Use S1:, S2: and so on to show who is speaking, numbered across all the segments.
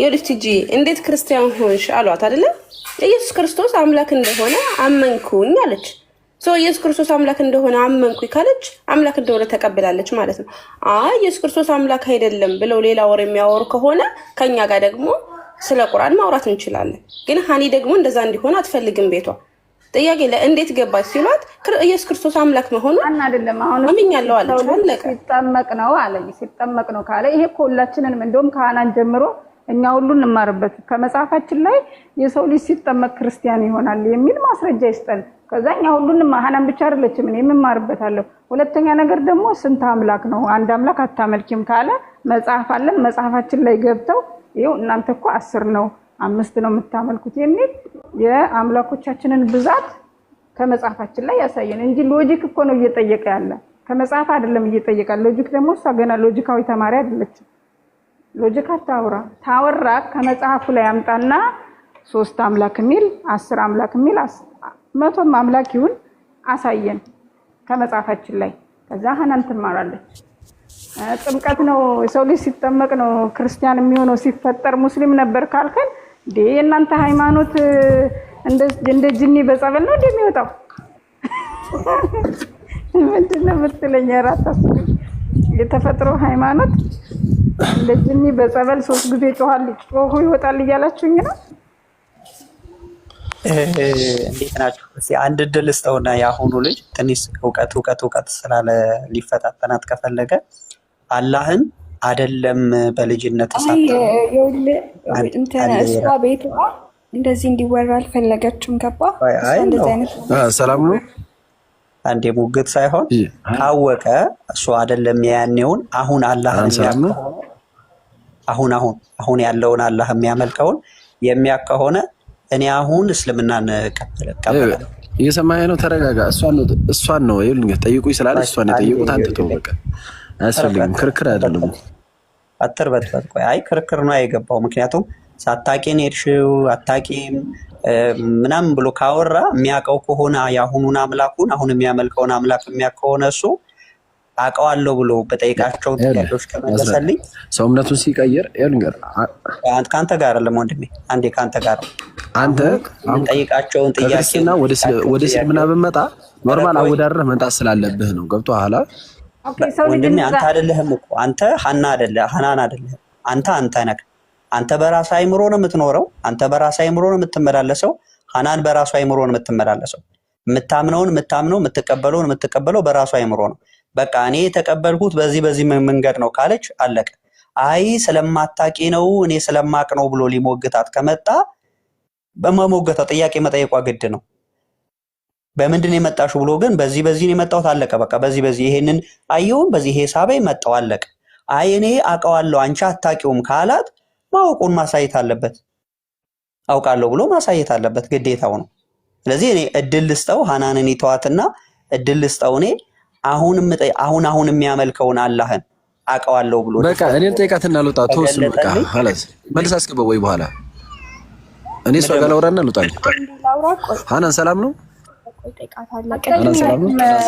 S1: ይኸውልሽ ቲጂ እንዴት ክርስቲያን ሆንሽ አሏት አይደለ? ኢየሱስ ክርስቶስ አምላክ እንደሆነ አመንኩኝ አለች። ሰው ኢየሱስ ክርስቶስ አምላክ እንደሆነ አመንኩኝ ካለች አምላክ እንደሆነ ተቀብላለች ማለት ነው። አይ ኢየሱስ ክርስቶስ አምላክ አይደለም ብለው ሌላ ወር የሚያወሩ ከሆነ ከኛ ጋር ደግሞ ስለ ቁርአን ማውራት እንችላለን። ግን ሀኒ ደግሞ እንደዛ እንዲሆን አትፈልግም። ቤቷ ጥያቄ ለእንዴት ገባች ሲሏት ኢየሱስ ክርስቶስ አምላክ መሆኑን
S2: አይደለም አሁን
S1: አምኛለሁ አለች።
S2: ሲጠመቅ ነው አለ ሲጠመቅ ነው ካለ ይሄ ሁላችንንም እንደውም ከሀናን ጀምሮ እኛ ሁሉ እንማርበት ከመጽሐፋችን ላይ የሰው ልጅ ሲጠመቅ ክርስቲያን ይሆናል የሚል ማስረጃ ይስጠን። ከዛ እኛ ሁሉ ሀናን ብቻ አይደለችም እኔ የምማርበታለሁ። ሁለተኛ ነገር ደግሞ ስንት አምላክ ነው አንድ አምላክ አታመልኪም ካለ መጽሐፍ አለን። መጽሐፋችን ላይ ገብተው ይኸው እናንተ እኮ አስር ነው አምስት ነው የምታመልኩት የሚል የአምላኮቻችንን ብዛት ከመጽሐፋችን ላይ ያሳየን እንጂ ሎጂክ እኮ ነው እየጠየቀ ያለ ከመጽሐፍ አይደለም እየጠየቃል። ሎጂክ ደግሞ እሷ ገና ሎጂካዊ ተማሪ አይደለችም። ሎጂክ አታውራ። ታወራ ከመጽሐፉ ላይ አምጣና ሶስት አምላክ የሚል አስር አምላክ የሚል መቶም አምላክ ይሁን አሳየን ከመጽሐፋችን ላይ። ከዛ ሀናን ትማራለች። ጥምቀት ነው የሰው ልጅ ሲጠመቅ ነው ክርስቲያን የሚሆነው ሲፈጠር ሙስሊም ነበር ካልከን እንዴ የእናንተ ሃይማኖት እንደ ጅኒ በጸበል ነው እንደሚወጣው ምንድን ነው የምትለኝ? ራት የተፈጥሮ ሃይማኖት እንደዚህ በጸበል ሶስት ጊዜ ጮኋል ጮሁ ይወጣል እያላችሁኝ ነው።
S3: እንዴት ናችሁ? እስኪ አንድ እድል ስጠውና የአሁኑ ልጅ ትንሽ እውቀት እውቀት እውቀት ስላለ ሊፈታተናት ከፈለገ አላህን አደለም በልጅነት እሷ
S2: ቤቷ እንደዚህ እንዲወራ አልፈለገችም። ገባ
S4: ሰላም ነው።
S3: አንዴ ሙግት ሳይሆን ታወቀ እሱ አደለም የያኔውን አሁን አላህን አሁን አሁን አሁን ያለውን አላህ የሚያመልከውን የሚያ ከሆነ እኔ አሁን እስልምናን እቀበላለሁ።
S4: እየሰማኸኝ ነው? ተረጋጋ። እሷን ነው ይኸውልህ፣ ጠይቁኝ ስላለ እሷን የጠይቁት አንተ ተው፣ በቃ አያስፈልግም። ክርክር አይደለም፣ አጥር
S3: አትርበትበት። ቆይ አይ ክርክር ነው አይገባው። ምክንያቱም ሳታቂን ሄድሽው አታቂም ምናምን ብሎ ካወራ የሚያውቀው ከሆነ የአሁኑን አምላኩን አሁን የሚያመልከውን አምላክ የሚያውቅ ከሆነ እሱ አውቀዋለሁ ብሎ በጠይቃቸው ጥያቄዎች ከመለሰልኝ
S4: ሰውነቱን ሲቀይር ልንገር
S3: ከአንተ ጋር አለም ወንድሜ፣ አንዴ ከአንተ ጋር
S4: አንተ ጠይቃቸውን ጥያቄ ወደ ስልምና ብመጣ ኖርማል አወዳደረህ መምጣት ስላለብህ ነው። ገብቶ ኋላ
S2: ወንድሜ አንተ አደለህም እኮ አንተ ሀና አደለ ሀናን አደለህም
S3: አንተ አንተ ነህ። አንተ በራስ አይምሮ ነው የምትኖረው። አንተ በራስ አይምሮ ነው የምትመላለሰው። ሀናን በራሱ አይምሮ ነው የምትመላለሰው። የምታምነውን የምታምነው የምትቀበለውን የምትቀበለው በራሱ አይምሮ ነው። በቃ እኔ የተቀበልኩት በዚህ በዚህ መንገድ ነው ካለች አለቀ። አይ ስለማታቂ ነው እኔ ስለማቅ ነው ብሎ ሊሞግታት ከመጣ በመሞገታ ጥያቄ መጠየቋ ግድ ነው። በምንድን የመጣሽው ብሎ ግን በዚህ በዚህ የመጣሁት አለቀ። በቃ በዚህ በዚህ ይሄንን አየውም በዚህ ሂሳቤ መጣው አለቀ። አይ እኔ አውቀዋለሁ አንቺ አታቂውም ካላት ማወቁን ማሳየት አለበት። አውቃለሁ ብሎ ማሳየት አለበት፣ ግዴታው ነው። ስለዚህ እኔ እድል ልስጠው፣ ሀናንን ይተዋትና እድል ልስጠው እኔ አሁንም አሁን አሁን የሚያመልከውን አላህን አውቀዋለሁ ብሎ
S4: በቃ እኔን ጠይቃት ልውጣ። ተወስኑ በቃ ሀላስ መልስ አስገባ ወይ በኋላ እኔ እሷ ጋር ላውራ ልውጣ። ሀናን ሰላም ነው።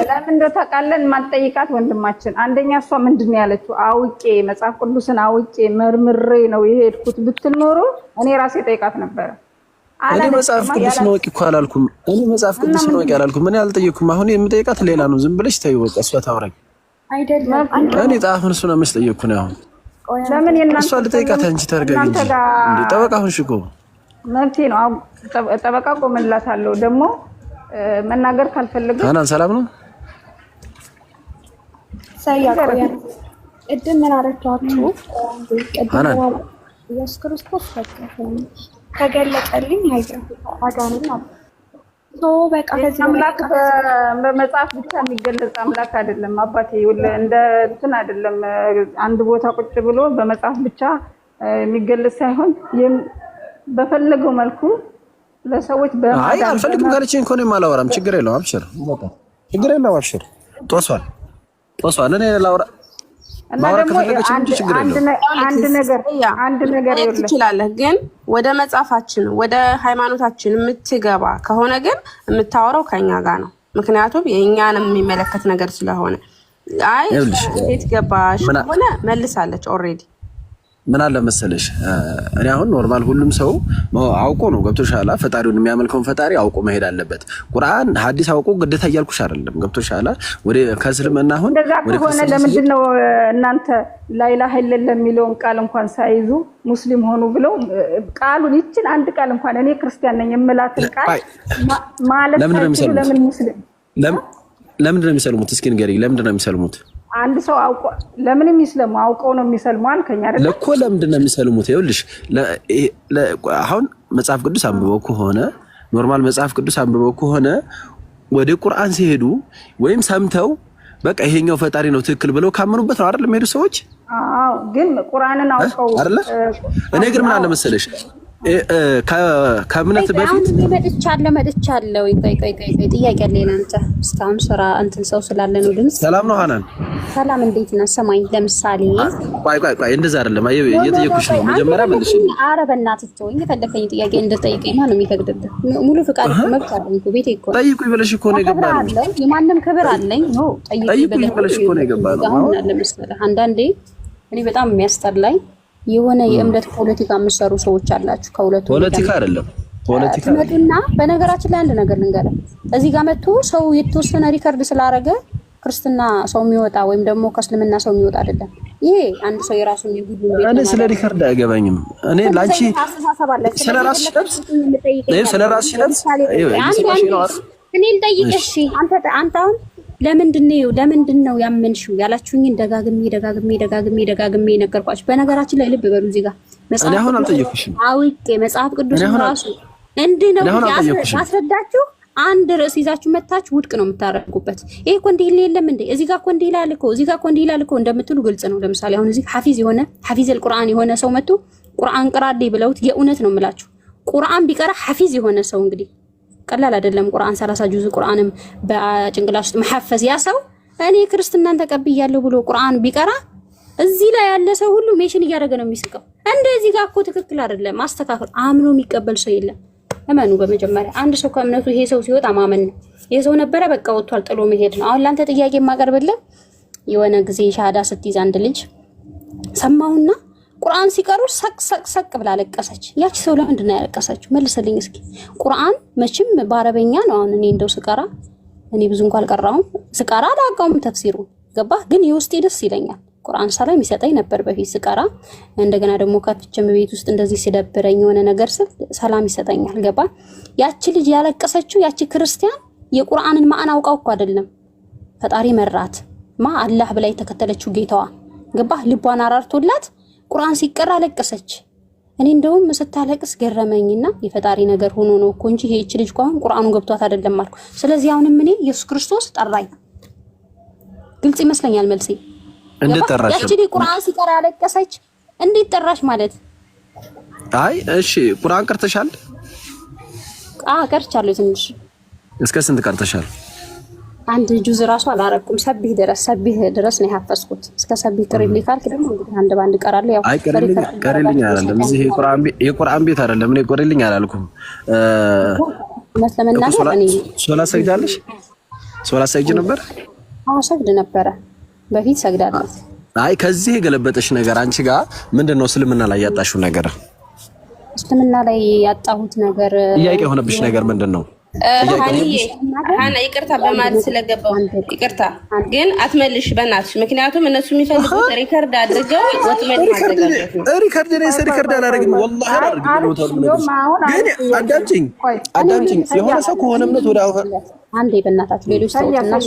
S2: ለምን እንደው ታውቃለን ወንድማችን፣ አንደኛ እሷ ምንድን ነው ያለችው? አውቄ መጽሐፍ ቅዱስን አውቄ መርምሬ ነው የሄድኩት ብትኖሩ እኔ ራሴ ጠይቃት ነበረ።
S4: እኔ መጽሐፍ ቅዱስ ነወቂ እኮ አላልኩም። እኔ መጽሐፍ ቅዱስ ነወቂ አላልኩም። እኔ አልጠየኩም። አሁን የምጠይቃት ሌላ ነው። ዝም ብለሽ ተይው፣ በቃ እሷ ታውራኝ። እኔ ጣፍን እሱ ነው የምጠየቅኩ ነው። አሁን እሷ ልጠይቃት፣ አንቺ ተረጋጊ እንጂ እንደ ጠበቃ ሁንሽ እኮ
S2: መብቴ ነው። ጠበቃ ቆምላታለሁ። ደግሞ መናገር ካልፈለገ አናን ሰላም ነው ሳያቆያ እድም ምን አረጋችሁ? ኢየሱስ ክርስቶስ ፈቀደ ተገለጠልኝ። አጋንንት ማለት አምላክ በመጽሐፍ ብቻ የሚገለጽ አምላክ አይደለም። አባቴ እንደ እንትን አይደለም። አንድ ቦታ ቁጭ ብሎ በመጽሐፍ ብቻ የሚገለጽ ሳይሆን በፈለገው መልኩ ለሰዎች
S4: አይ አልፈልግም ጋርችን እኮ እኔም አላወራም። ችግር የለውም። አብሽር ችግር የለውም። አብሽር ጦሷል ጦሷል እኔ ላውራ እና ደግሞ
S2: አንድ ነገር አንድ ነገር
S1: ትችላለህ፣ ግን ወደ መጽሐፋችን ወደ ሃይማኖታችን የምትገባ ከሆነ ግን የምታወራው ከኛ ጋር ነው። ምክንያቱም የእኛን የሚመለከት ነገር ስለሆነ አይ እንዴት ገባሽ ሆነ መልሳለች ኦልሬዲ
S4: ምን አለ መሰለሽ፣ እኔ አሁን ኖርማል ሁሉም ሰው አውቆ ነው ገብቶሻላ፣ ፈጣሪውን የሚያመልከውን ፈጣሪ አውቆ መሄድ አለበት። ቁርአን ሐዲስ አውቆ ግዴታ እያልኩሽ አይደለም፣ ገብቶሻላ። ወደ ከእስልምና አሁን
S2: ወደ ከሆነ ለምንድን ነው እናንተ ላይላ ሀይለለ የሚለውን ቃል እንኳን ሳይዙ ሙስሊም ሆኑ ብለው ቃሉን ይችን አንድ ቃል እንኳን እኔ ክርስቲያን ነኝ የምላትን ቃል ማለት ለምን ለምን ሙስሊም
S4: ለምን ለምን ነው የሚሰልሙት? እስኪ ንገሪኝ፣ ለምንድን ነው የሚሰልሙት?
S2: አንድ ሰው አውቆ ለምን የሚስለሙ አውቀው ነው የሚሰልሙ አልከኝ አይደል
S4: እኮ። ለምንድን ነው የሚሰልሙት? ይኸውልሽ አሁን መጽሐፍ ቅዱስ አንብበው ከሆነ ኖርማል መጽሐፍ ቅዱስ አንብበው ከሆነ ወደ ቁርአን ሲሄዱ ወይም ሰምተው በቃ ይሄኛው ፈጣሪ ነው ትክክል ብለው ካመኑበት ነው አይደል የሚሄዱ ሰዎች።
S2: አዎ፣ ግን ቁርአንን አውቀው
S4: አይደል። እኔ ግን ምን አለ መሰለሽ ከእምነት በፊት
S2: መጥቻለሁ መጥቻለሁ። ቆይ ቆይ ቆይ ቆይ ጥያቄ አለ። እናንተ እስካሁን ስራ እንትን ሰው ስላለ ነው ድምፅ። ሰላም ነው ሀናን። ሰላም እንዴት ነው? ሰማኝ። ለምሳሌ
S4: ቆይ ቆይ ቆይ፣ እንደዛ አይደለም እየጠየኩሽ ነው። መጀመሪያ መልሽ።
S2: ኧረ በእናትህ ተወኝ። የፈለከኝ ጥያቄ እንድጠይቀኝ ማነው የሚፈቅድልህ? ሙሉ ፍቃድ መብት አለኝ እኮ። ቤቴ እኮ
S4: ጠይቁኝ ብለሽ እኮ ነው የገባ ነው።
S2: የማንም ክብር አለኝ። ነው።
S4: ጠይቁኝ ብለሽ እኮ ነው የገባ ነው።
S2: አሁን ለምሳሌ አንዳንዴ እኔ በጣም የሚያስጠላኝ የሆነ የእምነት ፖለቲካ የምትሰሩ ሰዎች አላችሁ። ከሁለቱ
S4: ፖለቲካ አይደለም ፖለቲካ ትመጡና፣
S2: በነገራችን ላይ አንድ ነገር ልንገርህ፣ እዚህ ጋር መጥቶ ሰው የተወሰነ ሪከርድ ስላደረገ ክርስትና ሰው የሚወጣ ወይም ደግሞ ከእስልምና ሰው የሚወጣ አይደለም። ይሄ አንድ ሰው የራሱን የጉድ
S4: እኔ ስለ ሪከርድ አይገባኝም። እኔ ላንቺ ስለ ራስሽ ለብስ ስለ ራስሽ ለብስ
S2: እኔ ልጠይቅሽ አንተ አንተ አሁን ለምንድን ነው ለምንድን ነው ያመንሽው ያላችሁኝን ደጋግሜ ደጋግሜ ደጋግሜ ደጋግሜ ነገርኳችሁ። በነገራችን ላይ ልብ በሉ እዚህ ጋር
S4: መጽሐፍ ቅዱስ
S2: አውቄ መጽሐፍ ቅዱስ ራሱ እንዲህ ነው ያስረዳችሁ። አንድ ርዕስ ይዛችሁ መታችሁ ውድቅ ነው የምታረጉበት። ይሄ እኮ እንዲህ የለም እንዴ እዚህ ጋር እኮ እንዲህ ይላል እኮ እዚህ ጋር እኮ እንዲህ ይላል እኮ እንደምትሉ ግልጽ ነው። ለምሳሌ አሁን እዚህ ሐፊዝ የሆነ ሐፊዝ አልቁርአን የሆነ ሰው መጥቶ ቁርአን ቅራልኝ ብለውት የእውነት ነው የምላችሁ ቁርአን ቢቀራ ሐፊዝ የሆነ ሰው እንግዲህ ቀላል አይደለም። ቁርአን ሰላሳ ጁዝ ቁርአንም በጭንቅላት ውስጥ መሐፈዝ ያ ሰው እኔ ክርስትናን ተቀብያለሁ ብሎ ቁርአን ቢቀራ እዚህ ላይ ያለ ሰው ሁሉ ሜሽን እያደረገ ነው የሚስቀው። እንደዚህ ጋር እኮ ትክክል አይደለም። ማስተካከል አምኖ የሚቀበል ሰው የለም። እመኑ። በመጀመሪያ አንድ ሰው ከእምነቱ ይሄ ሰው ሲወጣ ማመን ነው። ይሄ ሰው ነበረ በቃ ወጥቷል፣ ጥሎ መሄድ ነው። አሁን ላንተ ጥያቄ የማቀርብልህ የሆነ ጊዜ ሻሃዳ ስትይዝ አንድ ልጅ ሰማሁና ቁርአን ሲቀሩ ሰቅ ሰቅ ሰቅ ብላ ለቀሰች ያቺ ሰው ለምንድን ነው ያለቀሰችው? መልሰልኝ እስኪ። ቁርአን መቼም በአረበኛ ነው። አሁን እኔ እንደው ስቀራ እኔ ብዙ እንኳ አልቀራውም፣ ስቀራ አላውቀውም ተፍሲሩ ገባህ። ግን የውስጤ ደስ ይለኛል። ቁርአን ሰላም ይሰጠኝ ነበር በፊት ስቀራ። እንደገና ደግሞ ከፍቼም ቤት ውስጥ እንደዚህ ሲደብረኝ የሆነ ነገር ስል ሰላም ይሰጠኛል። ገባ። ያቺ ልጅ ያለቀሰችው ያቺ ክርስቲያን የቁርአንን ማዕና አውቃው እኮ አይደለም። ፈጣሪ መራት ማ አላህ ብላ የተከተለችው ጌታዋ ገባህ። ልቧን አራርቶላት ቁርአን ሲቀር አለቀሰች። እኔ እንደውም ስታለቅስ ገረመኝና የፈጣሪ ነገር ሆኖ ነው እኮ እንጂ ይህች ልጅ እኮ አሁን ቁርአኑ ገብቷት አይደለም አልኩ። ስለዚህ አሁንም እኔ ኢየሱስ ክርስቶስ ጠራኝ። ግልጽ ይመስለኛል መልሴ። እንደጠራሽ ያቺ ቁርአን ሲቀር አለቀሰች። እንዴት ጠራሽ ማለት?
S4: አይ እሺ፣ ቁርአን ቀርተሻል?
S2: አዎ ቀርቻለሁ። ትንሽ
S4: እስከ ስንት ቀርተሻል?
S2: አንድ ጁዝ ራሱ አላረኩም። ሰቢህ ድረስ ሰቢህ ድረስ ነው ያፈስኩት እስከ ሰቢህ ቅሪል ካልክ ደግሞ እንግዲህ አንድ በአንድ እቀራለሁ። ያው
S4: ቅሪልኝ እዚህ የቁርአን ቤት አይደለም። እኔ ቅሪልኝ አላልኩም። እውነት ለመናገር እኔ ሶላ ሰግዳለሽ? ሰግጅ ነበር?
S2: አዎ ሰግድ ነበረ በፊት ሰግዳለሁ።
S4: አይ ከዚህ የገለበጠሽ ነገር አንቺ ጋር ምንድን ነው እስልምና ላይ ያጣሽው ነገር?
S2: እስልምና ላይ ያጣሁት ነገር
S4: ጥያቄ የሆነብሽ ነገር ምንድን ነው?
S2: ሀና ይቅርታ በማለት ስለገባው ይቅርታ ግን አትመልሽ በናትሽ። ምክንያቱም እነሱ የሚፈልጉት ሪከርድ አድርገው
S4: ሪከርድ ነስ ሪከርድ አላደርግም፣ ወላሂ አላደርግም። ግን አዳምጪኝ፣ አዳምጪኝ የሆነ ሰው ከሆነ እምነት ወደ
S2: አንዴ በእናታችሁ ሌሎች ሰዎች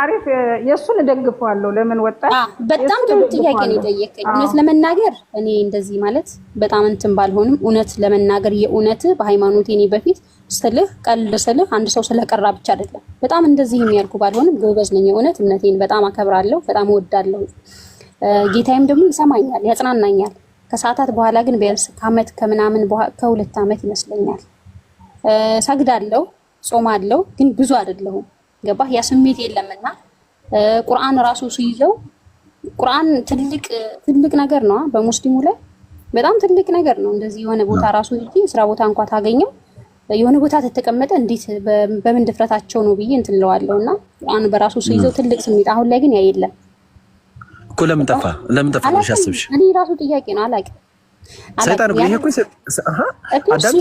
S2: አሪፍ የእሱን እደግፈዋለሁ። ለምን ወጣ? በጣም ጥሩ ጥያቄ ነው የጠየቀኝ። እውነት ለመናገር እኔ እንደዚህ ማለት በጣም እንትን ባልሆንም እውነት ለመናገር የእውነት በሃይማኖቴ እኔ በፊት ስልህ ቀልድ ስልህ አንድ ሰው ስለቀራ ብቻ አይደለም። በጣም እንደዚህ የሚያልኩ ባልሆንም ጎበዝ ነኝ። የእውነት እምነቴን በጣም አከብራለሁ፣ በጣም እወዳለሁ። ጌታዬም ደግሞ ይሰማኛል፣ ያጽናናኛል። ከሰዓታት በኋላ ግን ቢያንስ ከዓመት ከምናምን ከሁለት ዓመት ይመስለኛል ሰግዳለሁ ጾም አለው ግን ብዙ አይደለሁም። ገባህ? ያ ስሜት የለምና ቁርአን ራሱ ሲይዘው ቁርአን ትልቅ ትልቅ ነገር ነው በሙስሊሙ ላይ በጣም ትልቅ ነገር ነው። እንደዚህ የሆነ ቦታ ራሱ ሂጂ ስራ ቦታ እንኳ ታገኘው የሆነ ቦታ ተተቀመጠ እንዴት በምን ድፍረታቸው ነው ብዬ እንትን እለዋለሁ። እና ቁርአን በራሱ ሲይዘው ትልቅ ስሜት አሁን ላይ ግን ያ የለም
S4: እኮ ለምን ጠፋ? ለምን ጠፋ? አስብሽ
S2: እኔ ራሱ ጥያቄ ነው አላውቅም። ሰይጣን እኮ ይሄ እኮ አዳም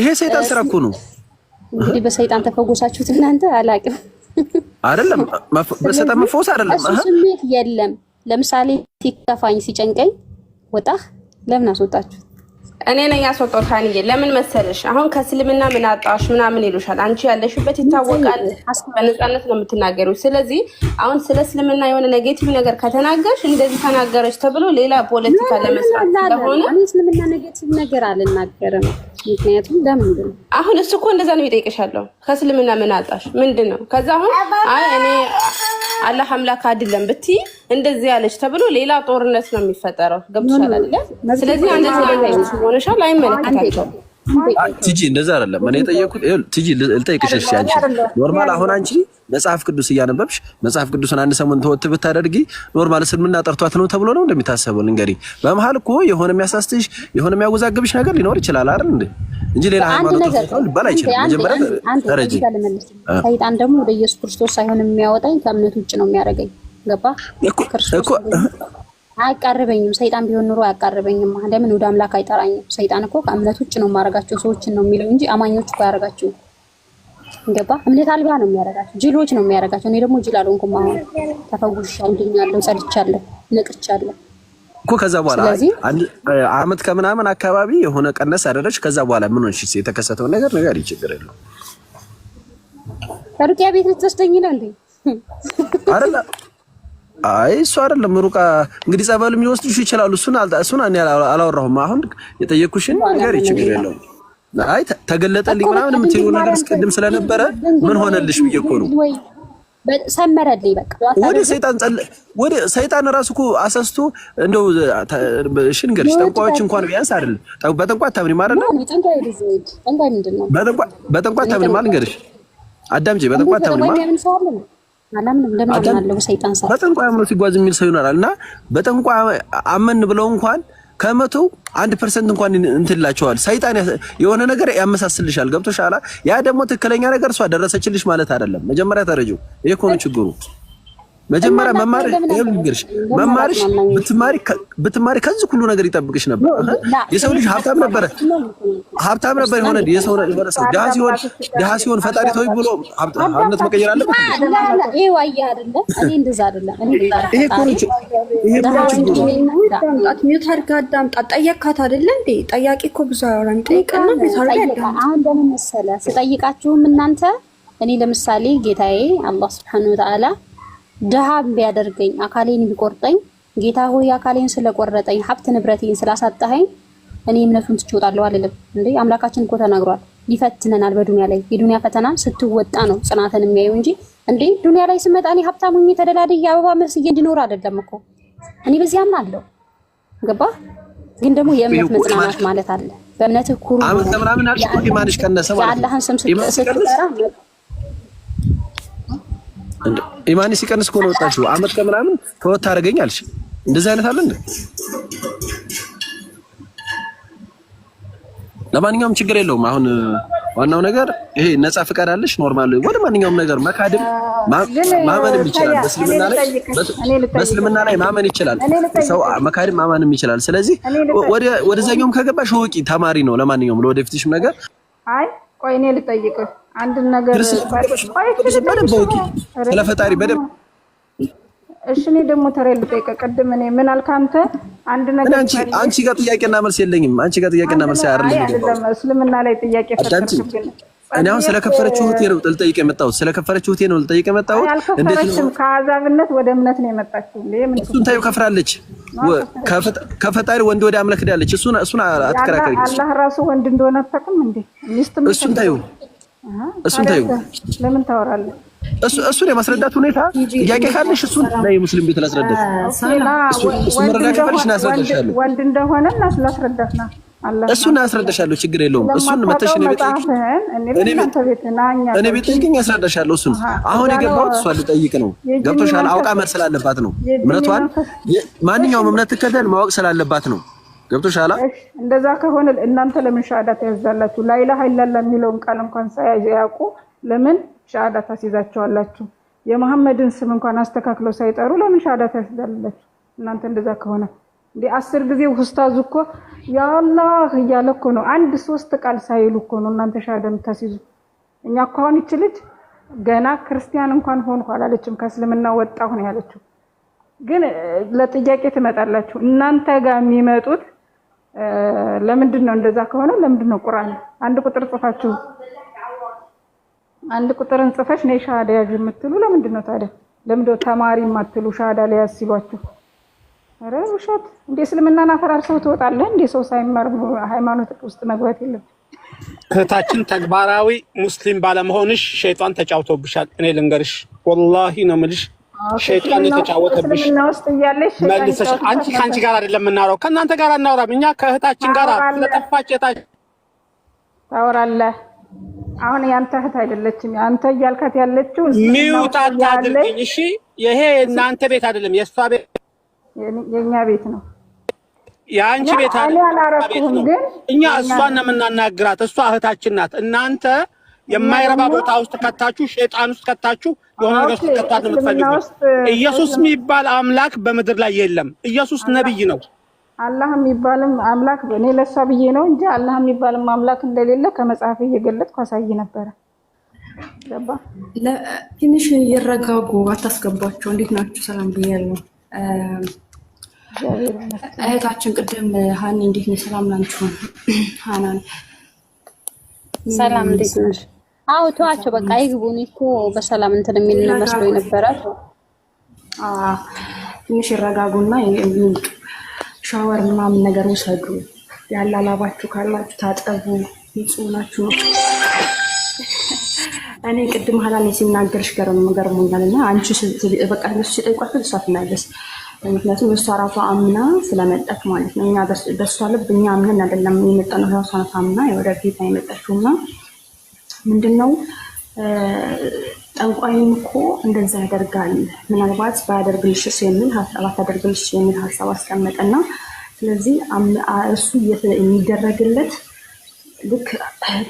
S4: ይሄ ሰይጣን ስራ እኮ ነው
S2: እንግዲህ በሰይጣን ተፈወሳችሁት እናንተ አላቅም።
S4: አይደለም በሰይጣን መፈወስ አይደለም፣
S2: ስሜት የለም። ለምሳሌ ሲከፋኝ ሲጨንቀኝ ወጣህ ለምን አስወጣችሁት? እኔ ነኝ ያስወጣው። ታንዬ ለምን መሰለሽ አሁን ከእስልምና ምን አጣሽ ምናምን ይሉሻል። አንቺ ያለሽበት ይታወቃል። በነፃነት ነው የምትናገሩ። ስለዚህ አሁን ስለ እስልምና የሆነ ኔጌቲቭ ነገር ከተናገርሽ እንደዚህ ተናገረች ተብሎ ሌላ ፖለቲካ ለመስራት ስለሆነ እስልምና ኔጌቲቭ ነገር አልናገርም። ምክንያቱም ለምንድን አሁን እሱ እኮ እንደዛ ነው ይጠይቅሻለሁ። ከእስልምና ምን አጣሽ ምንድን ነው ከዛ አሁን አይ እኔ አላህ አምላክ አይደለም ብትይ እንደዚህ ያለች ተብሎ ሌላ ጦርነት ነው የሚፈጠረው። ገብቶሻል አይደለ? ስለዚህ አንደኛ ሆነሻል፣ አይመለከታቸውም
S4: ቲጂ እንደዛ አይደለም። እኔ የጠየኩት ቲጂ ልጠይቅሽ፣ እሺ አንቺ ኖርማል አሁን አንቺ መጽሐፍ ቅዱስ እያነበብሽ መጽሐፍ ቅዱስን አንድ ሰሞን ተወት ብታደርጊ ኖርማል እስልምና ጠርቷት ነው ተብሎ ነው እንደሚታሰበው። እንግዲህ በመሀል እኮ የሆነ የሚያሳስትሽ የሆነ የሚያወዛግብሽ ነገር ሊኖር ይችላል አይደል እንዴ? እንጂ ሌላ ሃይማኖት ተጠቅሞ ሊባል አይችልም። መጀመሪያ ተረጂ
S2: ሰይጣን ደግሞ ወደ ኢየሱስ ክርስቶስ ሳይሆን የሚያወጣኝ ከእምነት ውጭ ነው የሚያደርገኝ። ገባ እኮ አያቃርበኝም። ሰይጣን ቢሆን ኑሮ አያቃርበኝም። ለምን ወደ አምላክ አይጠራኝም? ሰይጣን እኮ ከእምነት ውጭ ነው የማረጋቸው ሰዎችን ነው የሚለው እንጂ አማኞች እኮ አያረጋቸው። ገባ? እምነት አልባ ነው የሚያረጋቸው፣ ጅሎች ነው የሚያረጋቸው። እኔ ደግሞ ጅል አልሆንኩም። አሁን ተፈውሻለሁ፣ ድኛለሁ፣ ጸድቻለሁ፣ ነቅቻለሁ
S4: እኮ ከዛ በኋላ አመት ከምናምን አካባቢ የሆነ ቀነስ አደረች። ከዛ በኋላ ምን ሆንሽ? የተከሰተውን ነገር ነገር ችግር የለው።
S2: ሩቅያ ቤት ልትወስደኝ ነው እንዴ?
S4: አረላ አይ እሱ አይደለም ሩቃ እንግዲህ ጸበል የሚወስዱሽ ይችላሉ። እሱን እሱን እኔ አላወራሁም። አሁን የጠየኩሽን ነገር ችግር የለውም። አይ ተገለጠልኝ ምናምን የምትይው ነገር እስቀድም ስለነበረ ምን ሆነልሽ ብዬ እኮ ነው።
S2: ሰመረልኝ በቃ
S4: ወደ ሰይጣን ጸለ ወደ ሰይጣን ራሱ እኮ አሰስቶ እንደው እሺ ንገርሽ ጠንቋዮች እንኳን ቢያንስ አይደለም በጠንቋ አታምሪም አይደል? በጠንቋ በጠንቋ አታምሪም አልንገርሽ አዳምጪ በጠንቋ አታምሪም በጠንቋይ አምኖ ሲጓዝ የሚል ሰው ይኖራል እና በጠንቋይ አመን ብለው እንኳን ከመቶ አንድ ፐርሰንት እንኳን እንትላቸዋል። ሰይጣን የሆነ ነገር ያመሳስልሻል። ገብቶሻል? ያ ደግሞ ትክክለኛ ነገር እሷ ደረሰችልሽ ማለት አይደለም። መጀመሪያ ተረጂው ይሄ እኮ ነው ችግሩ። መጀመሪያ መማር ይልንገርሽ መማርሽ ብትማሪ ብትማሪ ከዚህ ሁሉ ነገር ይጠብቅሽ ነበር። የሰው ልጅ ሀብታም ነበረ ሀብታም ነበር የሆነ የሰው ነበር ሰው ድሀ ሲሆን ድሀ ሲሆን ፈጣሪ ተወኝ ብሎ ሀብነት መቀየር አለበት።
S2: ይሄ ዋያ አይደለ? እኔ እንደዛ አይደለም። እኔ
S4: ይሄ ኮንች ይሄ ኮንች
S2: ሚዩት አድርጋ አዳምጣት። ጠየካት አይደለ እንዴ? ጠያቂ እኮ ብዙ አወራን። ጠይቀና ሚዩት አድርጋ አዳምጣት። አሁን በምን መሰለህ ስጠይቃችሁም እናንተ እኔ ለምሳሌ ጌታዬ አላህ ሱብሓነሁ ወተዓላ ድሃም ቢያደርገኝ አካሌን ቢቆርጠኝ ጌታ ሆይ አካሌን ስለቆረጠኝ ሀብት ንብረቴን ስላሳጣኸኝ እኔ እምነቱን ትቼ እወጣለሁ አልልም እንዴ አምላካችን እኮ ተናግሯል ይፈትነናል በዱንያ ላይ የዱንያ ፈተና ስትወጣ ነው ጽናትን የሚያዩ እንጂ እንዴ ዱንያ ላይ ስመጣ እኔ ሀብታም ሆኜ ተደላድዬ አበባ መስዬ እንድኖር አይደለም እኮ እኔ በዚህ አምናለሁ ገባ ግን ደግሞ የእምነት መጽናናት ማለት አለ በእምነትህ ኩሩ የአላህን ስም
S4: ስትጠራ ኢማኒ ሲቀንስ ከሆነ ወጣችሁ አመት ከምናምን ከወት አልሽ። እንደዚህ አይነት አለ እንዴ? ለማንኛውም ችግር የለውም። አሁን ዋናው ነገር ይሄ ነፃ ፍቃድ አለሽ። ኖርማል ወደ ማንኛውም ነገር መካድም ማመንም ይችላል። በእስልምና ላይ በእስልምና ላይ ማመን ይችላል ሰው መካድም ማመንም ይችላል። ስለዚህ ወደ ወደዛኛውም ከገባሽ ወቂ ተማሪ ነው። ለማንኛውም ለወደፊትሽም ነገር
S2: አይ ቆይ እኔ ልጠይቅህ አንድ ነገር ስለ ፈጣሪ በደምብ እሺ። እኔ ደግሞ ተሬ ልጠይቀህ። ቅድም እኔ ምን አልክ አንተ? አንድ ነገር አንቺ
S4: አንቺ ጋር ጥያቄና መልስ የለኝም። አንቺ ጋር ጥያቄና መልስ አይደለም።
S2: እስልምና ላይ ጥያቄ
S4: ፈጠርኩኝ። እኔ አሁን ስለከፈረችው ሆቴል ነው ልጠይቅ የመጣሁት። ስለከፈረችው ሆቴል ነው ልጠይቅ የመጣሁት።
S2: እንዴት ነው ከአዛብነት ወደ እምነት ነው የመጣችው?
S4: እሱን ታዩ ከፍራለች። ከፈጣሪ ወንድ ወደ አምላክ ሄዳለች። እሱን እሱን
S2: አትከራከሪ። አላህ ራሱ ወንድ እንደሆነ አታውቅም እንዴ?
S4: ሚስት እሱን ታዩ እሱን ታዩ።
S2: ለምን ታወራለህ?
S4: እሱን የማስረዳት ሁኔታ ጥያቄ ካለሽ እሱን ላይ ሙስሊም ቤት ላስረዳሽ፣
S2: እሱ
S4: መረዳት ከፈለሽ እናስረዳሻለሁ።
S2: ወንድ እንደሆነ ላስረዳትና
S4: እሱን አስረዳሻለሁ። ችግር የለውም። እሱን መተሽ እኔ ቤት ቤት እኔ ቢጠይቅኝ አስረዳሻለሁ። እሱን አሁን የገባሁት እሷ ልጠይቅ ነው። ገብቶሻል? አውቃ መር ስላለባት ነው እምነቷን ማንኛውም እምነት ትከተል ማወቅ ስላለባት ነው። ገብቶሻል።
S2: እንደዛ ከሆነ እናንተ ለምን ሻዳ ትያዛላችሁ? ላይላ ሀይላላ የሚለውን ቃል እንኳን ሳያውቁ ለምን ሻዳ ታስይዛቸዋላችሁ? የመሐመድን ስም እንኳን አስተካክለው ሳይጠሩ ለምን ሻሃዳ ታስይዛላችሁ? እናንተ እንደዛ ከሆነ እንደ አስር ጊዜ ውስታዙ እኮ ያአላህ እያለ እኮ ነው። አንድ ሶስት ቃል ሳይሉ እኮ ነው እናንተ ሻዳ የምታስይዙ። እኛ እኮ አሁን ይች ልጅ ገና ክርስቲያን እንኳን ሆንኩ አላለችም። ከእስልምና ወጣሁ ነው ያለችው። ግን ለጥያቄ ትመጣላችሁ እናንተ ጋር የሚመጡት ለምንድን ነው እንደዛ ከሆነ ለምንድን ነው ቁርአን አንድ ቁጥር ጽፋችሁ አንድ ቁጥርን ጽፈሽ ነይ ሻሃዳ ያዥ የምትሉ ለምንድን ነው ታዲያ? ለምንድን ነው ተማሪ የማትሉ ሻሃዳ ላይ ያዝ ሲሏችሁ? ኧረ ውሸት እንደ እስልምናን ሰው ትወጣለህ እንደ ሰው ሳይማር ሃይማኖት ውስጥ መግባት የለም።
S4: እህታችን ተግባራዊ ሙስሊም ባለመሆንሽ ሸይጣን ተጫውቶብሻል። እኔ ልንገርሽ፣ ወላሂ ነው የምልሽ ሸይጣን የተጫወተብሽ መልሰሽ አንቺ ከአንቺ ጋር አይደለም የምናወራው፣ ከእናንተ ጋር እናውራም። እኛ ከእህታችን ጋር ለጠፋች እህታችን
S2: ታወራለህ። አሁን ያንተ እህት አይደለችም። አንተ እያልካት ያለችው
S4: ሚውጣ አታድርግኝ። እሺ፣ ይሄ እናንተ ቤት አይደለም፣ የእሷ ቤት
S2: የእኛ ቤት ነው። የአንቺ ቤት አላረኩም፣ ግን
S4: እኛ እሷን ነው የምናናግራት። እሷ እህታችን ናት። እናንተ የማይረባ ቦታ ውስጥ ከታችሁ፣ ሸይጣን ውስጥ ከታችሁ፣ የሆነ ነገር ውስጥ ከታት ነው የምትፈልጉ። ኢየሱስ የሚባል አምላክ በምድር ላይ የለም። ኢየሱስ ነብይ ነው።
S2: አላህ የሚባልም አምላክ እኔ ለእሷ ብዬ ነው እንጂ አላህ የሚባልም አምላክ እንደሌለ ከመጽሐፍ እየገለጥኩ አሳይ ነበረ። ገባ።
S5: ትንሽ ይረጋጉ፣ አታስገቧቸው። እንዴት ናችሁ? ሰላም ብያለሁ። እህታችን ቅድም ሀኒ እንዴት ነው? ሰላም ናችሁ? ሀናን
S2: ሰላም እንዴት ነሽ? አዎ ተዋቸው በቃ ይግቡ። እኔ እኮ በሰላም እንትን የሚል መስሎኝ ነበረ።
S5: ትንሽ ይረጋጉና ይምጡ፣ ሻወር ምናምን ነገር ውሰዱ። ያላላባችሁ ካላችሁ ታጠቡ። ንጹሕ ናችሁ። ነው እኔ ቅድም ሀላ ላይ ሲናገርሽ ገርሞኛል እና አንቺ በቃ እነሱ ሲጠይቋት እሷ ትመለስ። ምክንያቱም እሷ ራሷ አምና ስለመጣች ማለት ነው። እኛ በእሷ ልብ እኛ አምነን አይደለም የመጣነው ራሷ ናት አምና ወደ ጌታ የመጣችውና ምንድን ነው ጠንቋይም እኮ እንደዛ ያደርጋል፣ ምናልባት ባያደርግልሽስ የሚል ባታደርግልሽ የሚል ሀሳብ አስቀመጠና ስለዚህ እሱ የሚደረግለት ልክ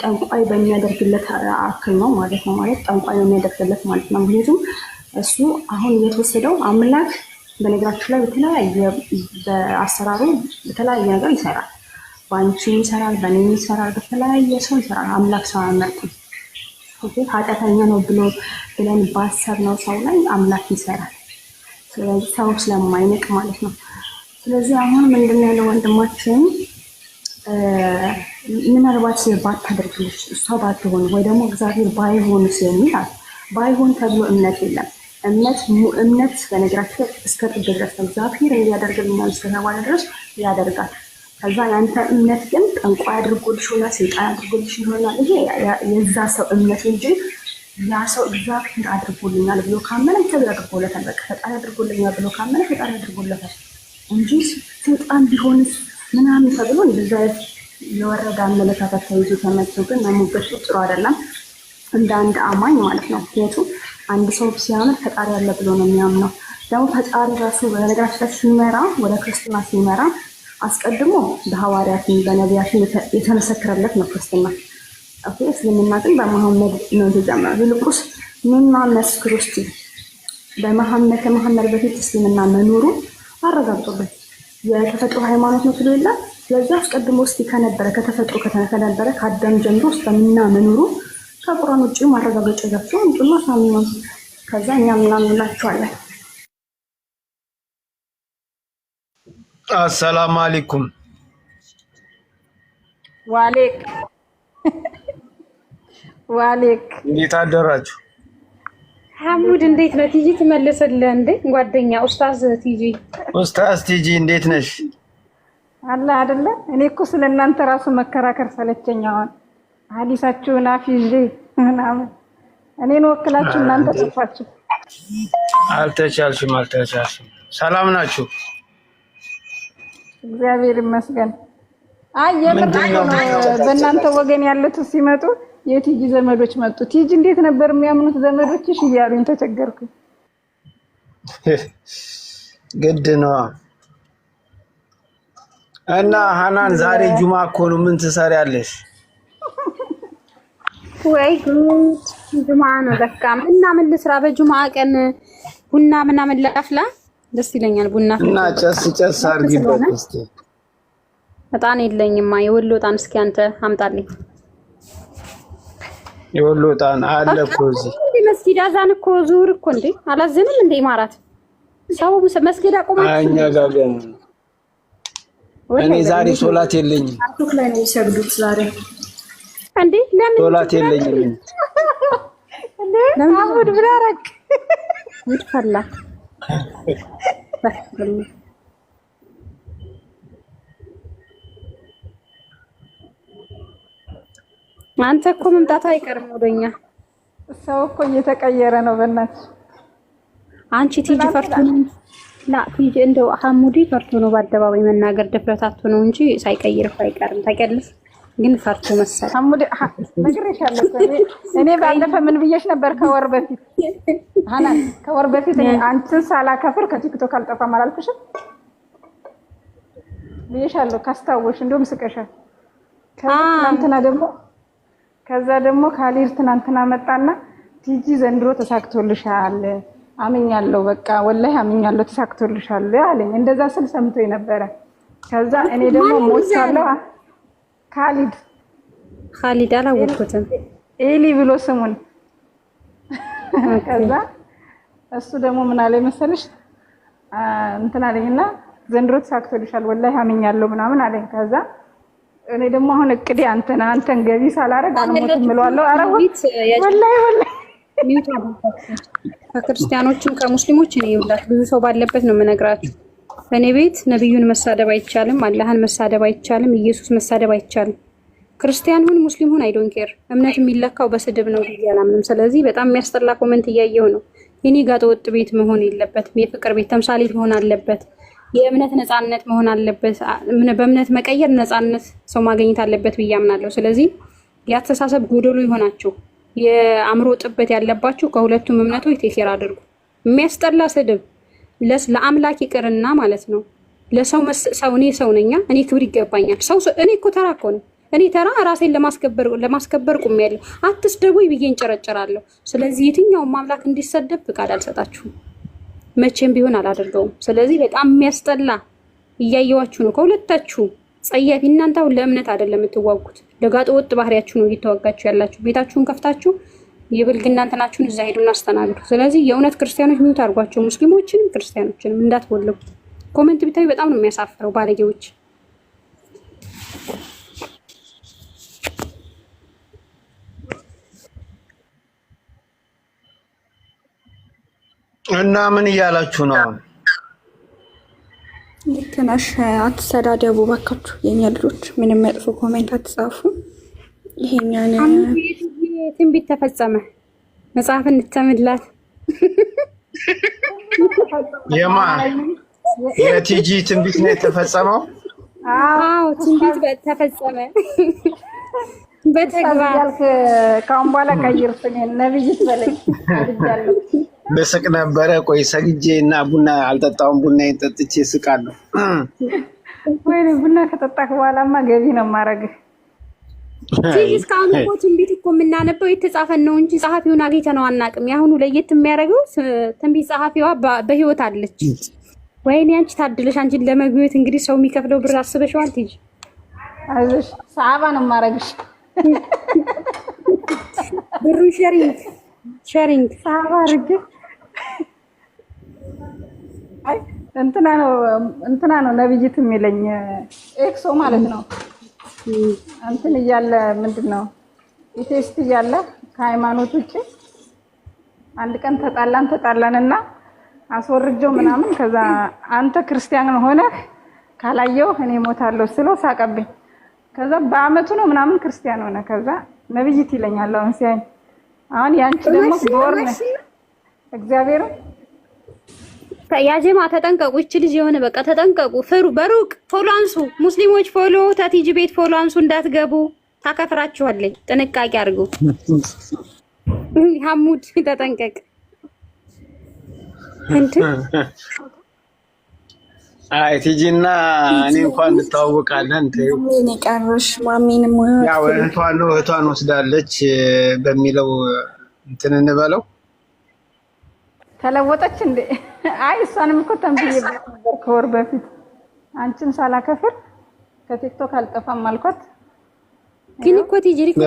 S5: ጠንቋይ በሚያደርግለት አክል ነው ማለት ነው። ማለት ጠንቋይ በሚያደርግለት ማለት ነው። ምክንያቱም እሱ አሁን እየተወሰደው አምላክ በነገራችሁ ላይ በተለያየ በአሰራሩ በተለያየ ነገር ይሰራል። በአንቺ ይሰራል፣ በእኔ ይሰራል፣ በተለያየ ሰው ይሰራል። አምላክ ሰው አያመርጥም። ኃጢአተኛ ነው ብሎ ብለን ባሰብ ነው ሰው ላይ አምላክ ይሰራል። ስለዚህ ሰው ስለማይንቅ ማለት ነው። ስለዚህ አሁን ምንድን ያለው ወንድማችን ምናልባት ባታደርግልሽ እሷ ባትሆን ወይ ደግሞ እግዚአብሔር ባይሆንስ የሚል ባይሆን ተብሎ እምነት የለም። እምነት እምነት በነገራችን እስከ ጥግ ድረስ ነው። እግዚአብሔር ያደርግልኛል እስከተባለ ድረስ ያደርጋል። ከዛ ያንተ እምነት ግን ጠንቋ አድርጎልሽ ሆና ስልጣን አድርጎልሽ ይሆናል። ይሄ የዛ ሰው እምነት እንጂ ያ ሰው እግዚአብሔር አድርጎልኛል ብሎ ካመነ እግዚአብሔር አድርጎለታል። በቃ ፈጣሪ አድርጎልኛል ብሎ ካመነ ፈጣሪ አድርጎለታል እንጂ ስልጣን ቢሆንስ ምናምን ተብሎ እንደዛ የወረደ አመለካከት ተይዞ ተመቸው ግን መሞገሱ ጥሩ አይደለም፣ እንደ አንድ አማኝ ማለት ነው። ምክንያቱም አንድ ሰው ሲያምር ፈጣሪ ያለ ብሎ ነው የሚያምነው። ደግሞ ፈጣሪ ራሱ በነገራችን ላይ ሲመራ ወደ ክርስትና ሲመራ አስቀድሞ በሐዋርያትም በነቢያትም የተመሰክረለት ነው ክርስትና። እስልምና ግን በመሐመድ ነው የተጀመረ። ይልቁስ ሚማ መስክር ውስጥ በመሐመድ ከመሐመድ በፊት እስልምና መኖሩ አረጋግጦበት የተፈጥሮ ሃይማኖት ነው ትሎ የለ። ስለዚህ አስቀድሞ ውስጥ ከነበረ ከተፈጥሮ ከነበረ ከአዳም ጀምሮ ውስጥ በምና መኖሩ ከቁርአን ውጭ ማረጋገጫ ገብቶ ምጡና ሳሚኖ ከዛ እኛ ምናምንላቸዋለን
S6: አሰላም አለይኩም።
S2: ዋሌክ ዋሌክ።
S6: እንዴት አደራችሁ?
S2: ሐሙድ እንዴት ነው? ቲጂ ትመልስልህ እንዴ? ጓደኛ ኡስታዝ ቲጂ
S6: ኡስታዝ ቲጂ እንዴት ነሽ?
S2: አለ አይደለ? እኔ እኮ ስለ እናንተ ራሱ መከራከር ሰለቸኝ። አሁን ሀዲሳችሁን አፍይዤ ምናምን እኔን ወክላችሁ እናንተ ጽፋችሁ
S6: አልተቻልሽም፣ አልተቻልሽም። ሰላም ናችሁ?
S2: እግዚአብሔር ይመስገን። አይ የምር በእናንተ ወገን ያሉት ሲመጡ የቲጂ ዘመዶች መጡ። ቲጂ እንዴት ነበር የሚያምኑት ዘመዶችሽ እያሉኝ ተቸገርኩ
S6: ግድ ነው እና ሀናን ዛሬ ጁማ እኮ ነው። ምን ትሰሪያለሽ?
S2: ወይ ጁማ ነው ለካም እና ምን ልስራ በጁማ ቀን ቡና ምናምን ላፍላ ደስ ይለኛል። ቡና
S6: እና ጨስ ጨስ አድርጊበት እስኪ።
S2: እጣን የለኝማ። የወሎ እጣን እስኪ አንተ አምጣልኝ።
S6: የወሎ እጣን አለ እኮ እዚህ
S2: መስጊድ። አዛን እኮ ዙር እኮ እንዴ! አላዘንም እንዴ? ማራት ሰው መስጊድ አቆማ
S6: እኛ ጋር ገና እኔ ዛሬ ሶላት የለኝም።
S5: አርቱክ ላይ ነው ዛሬ
S2: እንዴ?
S6: ለምን ሶላት የለኝም
S2: እንዴ? አሁን ብራራክ ይፈላ አንተ እኮ መምጣት አይቀርም ወደኛ። ሰው እኮ እየተቀየረ ነው። በእናትሽ አንቺ ቲጂ ፈርቶ ነው ላ ቲጂ እንደው ሐሙዲ ፈርቶ ነው በአደባባይ መናገር ድፍረታቱ ነው እንጂ ሳይቀይር አይቀርም። ታውቂያለሽ ግን ፈርቶ መሰለኝ። አሙዲ ነግሬሻለሁ። እኔ ባለፈ ምን ብዬሽ ነበር? ከወር በፊት አና ከወር በፊት አንቺን ሳላከፍር ከቲክቶክ አልጠፋም አላልኩሽም ብዬሻለሁ። ካስታወሽ እንዲሁም ስቀሻል። ትናንትና ደግሞ ከዛ ደግሞ ካሊር ትናንትና መጣና ቲጂ ዘንድሮ ተሳክቶልሻል፣ አምኛለሁ፣ በቃ ወላሂ አምኛለሁ፣ ተሳክቶልሻል አለኝ። እንደዛ ስል ሰምቶ ነበረ። ከዛ እኔ ደግሞ ሞቻለሁ ካሊድ ካሊድ አላወቅኩትም። ኤሊ ብሎ ስሙን ከዛ እሱ ደግሞ ምን አለ መሰለሽ እንትን አለኝና ዘንድሮ ተሳክቶልሻል ወላሂ አመኛለሁ ምናምን አለኝ። ከዛ እኔ ደግሞ አሁን እቅዴ አንተን አንተን ገቢ ሳላረግ አልሞትም እምለዋለሁ። ኧረ ወላሂ ወላሂ ከክርስቲያኖችም ከሙስሊሞች እኔ ይኸውላችሁ ብዙ ሰው ባለበት ነው የምነግራችሁ። በእኔ ቤት ነቢዩን መሳደብ አይቻልም። አላህን መሳደብ አይቻልም። ኢየሱስ መሳደብ አይቻልም። ክርስቲያን ሁን ሙስሊም ሁን አይዶን ኬር እምነት የሚለካው በስድብ ነው ብዬ አላምንም። ስለዚህ በጣም የሚያስጠላ ኮመንት እያየው ነው። የኔ ወጥ ቤት መሆን የለበትም። የፍቅር ቤት ተምሳሌት መሆን አለበት። የእምነት ነፃነት መሆን አለበት። በእምነት መቀየር ነፃነት ሰው ማግኘት አለበት ብዬ አምናለሁ። ስለዚህ የአስተሳሰብ ጎደሎ የሆናችሁ የአእምሮ ጥበት ያለባችሁ ከሁለቱም እምነቶች ቴኬር አድርጉ። የሚያስጠላ ስድብ ለአምላክ ይቅርና ማለት ነው ለሰው ሰው እኔ ሰው ነኛ እኔ ክብር ይገባኛል። ሰው እኔ እኮ ተራ እኮ ነው እኔ ተራ ራሴን ለማስከበር ለማስከበር ቁም ያለው አትስደቡኝ ብዬ እንጨረጨራለሁ። ስለዚህ የትኛውም አምላክ እንዲሰደብ ፍቃድ አልሰጣችሁም፣ መቼም ቢሆን አላደርገውም። ስለዚህ በጣም የሚያስጠላ እያየዋችሁ ነው ከሁለታችሁ ጸያፊ እናንተ አሁን ለእምነት አይደለም የምትዋጉት፣ ለጋጠ ወጥ ባህሪያችሁ ነው እየተዋጋችሁ ያላችሁ ቤታችሁን ከፍታችሁ የብልግና እንትናችሁን እዛ ሄዱና አስተናግዱ። ስለዚህ የእውነት ክርስቲያኖች አርጓቸው አድርጓቸው፣ ሙስሊሞችንም ክርስቲያኖችንም እንዳትወለጉ። ኮመንት ቢታዩ በጣም ነው የሚያሳፍረው ባለጌዎች።
S6: እና ምን እያላችሁ ነው?
S2: ልክ ነሽ። አትሰዳደቡ እባካችሁ የኛ ልጆች፣ ምንም መጥፎ ኮሜንት አትጻፉ። ይሄኛን ትንቢት ተፈጸመ። መጽሐፍ እንተምላት
S6: የማ የቲጂ ትንቢት ነው የተፈጸመው።
S2: አዎ ትንቢት ተፈጸመ በተግባር ከአሁን በኋላ ቀይር ስሜን ነብይ በለኝ።
S6: በስቅ ነበረ። ቆይ ሰግጄ እና ቡና አልጠጣውም። ቡና ጠጥቼ ስቃለሁ።
S2: ወይ ቡና ከጠጣህ በኋላማ ገቢ ነው የማደርግህ እስካሁን እኮ ትንቢት እኮ የምናነበው የተጻፈን ነው እንጂ ጸሐፊውን አግኝተ ነው አናውቅም። የአሁኑ ለየት የሚያደርገው ትንቢት ጸሐፊዋ በህይወት አለች። ወይኔ አንቺ ታድለሽ፣ አንቺን ለመግቢት እንግዲህ ሰው የሚከፍለው ብር አስበሽዋል። ትጅ አይዞሽ፣ ሰዓባ ነው የማደርግሽ። ብሩን ሸሪንግ ሸሪንግ ሰዓባ አድርጌ እንትና ነው እንትና ነው ነብይት የሚለኝ ኤክሶ ማለት ነው እንትን እያለ ምንድን ነው ኢቴስት እያለ ከሃይማኖት ውጭ አንድ ቀን ተጣላን ተጣላንና አስወርጀው ምናምን ከዛ አንተ ክርስቲያን ሆነ ካላየው እኔ ሞታለሁ ስለ ሳቀብኝ። ከዛ በአመቱ ነው ምናምን ክርስቲያን ሆነ። ከዛ ነብይት ይለኛል አሁን ሲያይ አሁን ያንቺ ደግሞ እግዚአብሔር ያጀማ ተጠንቀቁ። ይች ልጅ የሆነ በቃ ተጠንቀቁ፣ ፍሩ። በሩቅ ፎሎ አንሱ፣ ሙስሊሞች ፎሎ ተቲጂ ቤት ፎሎ አንሱ፣ እንዳትገቡ ታከፍራችኋለኝ። ጥንቃቄ አድርጉ። ሐሙድ ተጠንቀቅ።
S6: አይ ቲጂና እና እኔ እንኳን እንተዋወቃለን።
S2: ቀርሽ ማሚንም
S6: ያው እህቷ ነው እህቷን ወስዳለች በሚለው እንትን እንበለው
S2: ተለወጠች እንዴ አይ እሷንም እኮ ተንብዬ ነበር ከወር በፊት አንቺን ሳላከፍር ከቲክቶክ አልጠፋም አልኳት። ግን እኮ ቲጀሪ እኮ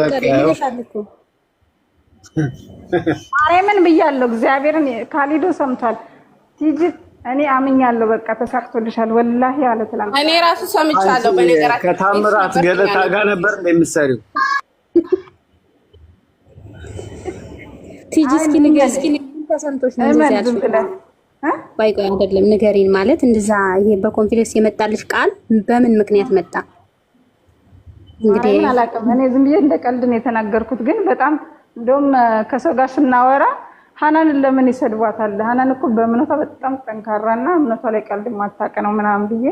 S2: ማርያምን ብያለሁ። እግዚአብሔርን ካሊዶ ሰምቷል። ቲጂ እኔ አምኛለሁ። በቃ ተሳክቶልሻል። ወላሂ አለ ትላንት እኔ ራሱ ሰምቻለሁ።
S6: በነገራችን ከታምራት ገለታ ጋር ነበር እንደምትሰሪው
S2: ቲጂ እስኪ ንገሪኝ። እስኪ ተሰምቶሽ ነው ቆይ ቆይ አይደለም ንገሪን ማለት እንደዛ ይሄ በኮንፊደንስ የመጣልሽ ቃል በምን ምክንያት መጣ? እንግዲህ አላውቅም። እኔ ዝም ብዬ እንደ ቀልድ ነው የተናገርኩት፣ ግን በጣም እንደውም ከሰው ጋር ስናወራ ሀናንን ለምን ይሰድቧታል? ሀናን እኮ በእምነቷ በጣም ጠንካራና እምነቷ ላይ ቀልድ ማታውቅ ነው ምናምን ብዬ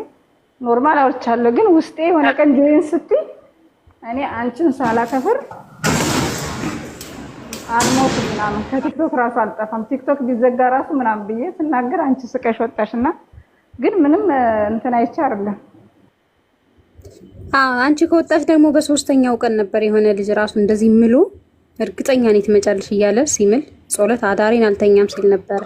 S2: ኖርማል አውርቻለሁ። ግን ውስጤ የሆነ ቀን ጆይን ስትይ እኔ አንቺን ሳላከፍር አልሞት ምናምን ከቲክቶክ ራሱ አልጠፋም። ቲክቶክ ቢዘጋ ራሱ ምናምን ብዬ ስናገር አንቺ ስቀሽ ወጣሽ እና ግን ምንም እንትን አይቼ አይደለም። አንቺ ከወጣሽ ደግሞ በሶስተኛው ቀን ነበር የሆነ ልጅ ራሱ እንደዚህ ምሎ እርግጠኛ ነኝ ትመጫለሽ እያለ ሲምል ጾለት አዳሬን አልተኛም ሲል ነበር።